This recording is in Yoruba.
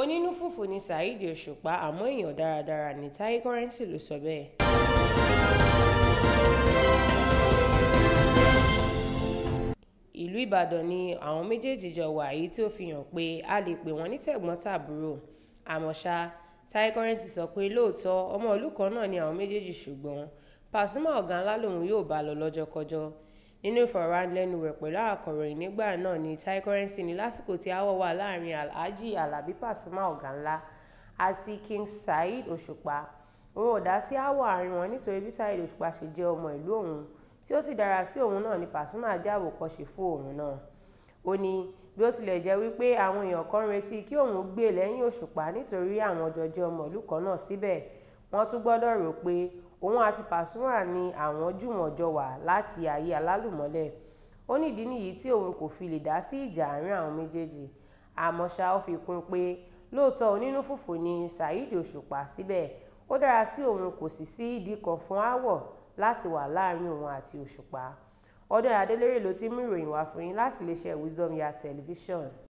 onínúfùfù ni Saheed Òṣùpá àmọ́ èèyàn dáradára ní Taye Currency ló sọ bẹ́ẹ̀. ìlú Ìbàdàn ni àwọn méjèèjì jọ wà yìí tí ó fi hàn pé a lè pè wọ́n ní tẹ̀gbọ́n-tàbúrò àmọ́ ṣá Currency sọ pé lóòótọ́ ọmọ ìlú náà ni àwọn méjèèjì ṣùgbọ́n Pasuma ọ̀gá ńlá lòun yóò bá lọ lọ́jọ́kọjọ́ nínú ìfọ̀rọ̀wánilẹ́nuwò pẹ̀lú akọ̀ròyìn nígbà náà ní tai currency ní lásìkò tí aáwọ̀ wà láàrin alhaji alábi pasuma ọ̀gá-ńlá àti king saheed òṣùpá òun ò dá sí aáwọ̀ àárín wọn nítorí bí saheed òṣùpá ṣe jẹ́ ọmọ ìlú òun tí ó sì dára sí òun náà ni pasuma jẹ́ àwòkọ́ṣe fún òun náà ó ní bí ó tilẹ̀ jẹ́ wípé àwọn èèyàn kan retí kí òun gbè lẹ́yìn òṣùpá nítorí àwọn jọjọ́ ọmọ ìlú kan náà síbẹ̀ wọ́n tún gbọ́dọ̀ rò pé òun àti Pasuma ni àwọn jùmọ̀jọ wà láti ayé alálùmọ́lẹ̀ ó nídìí nìyí tí òun kò fi lè dá sí ìjà àárín àwọn méjèèjì àmọ́ ṣá ó fi kún pé lóòótọ́ onínú fùfù ni Saheed Òṣùpá síbẹ̀ ó dára sí òun kò sì sí ìdí kan fún áwọ̀ láti wà láàrin òun àti Òṣùpá Ọdún Adélérè ló ti mú ìròyìn wá fún yín láti iléeṣẹ́ Wisdom ya Television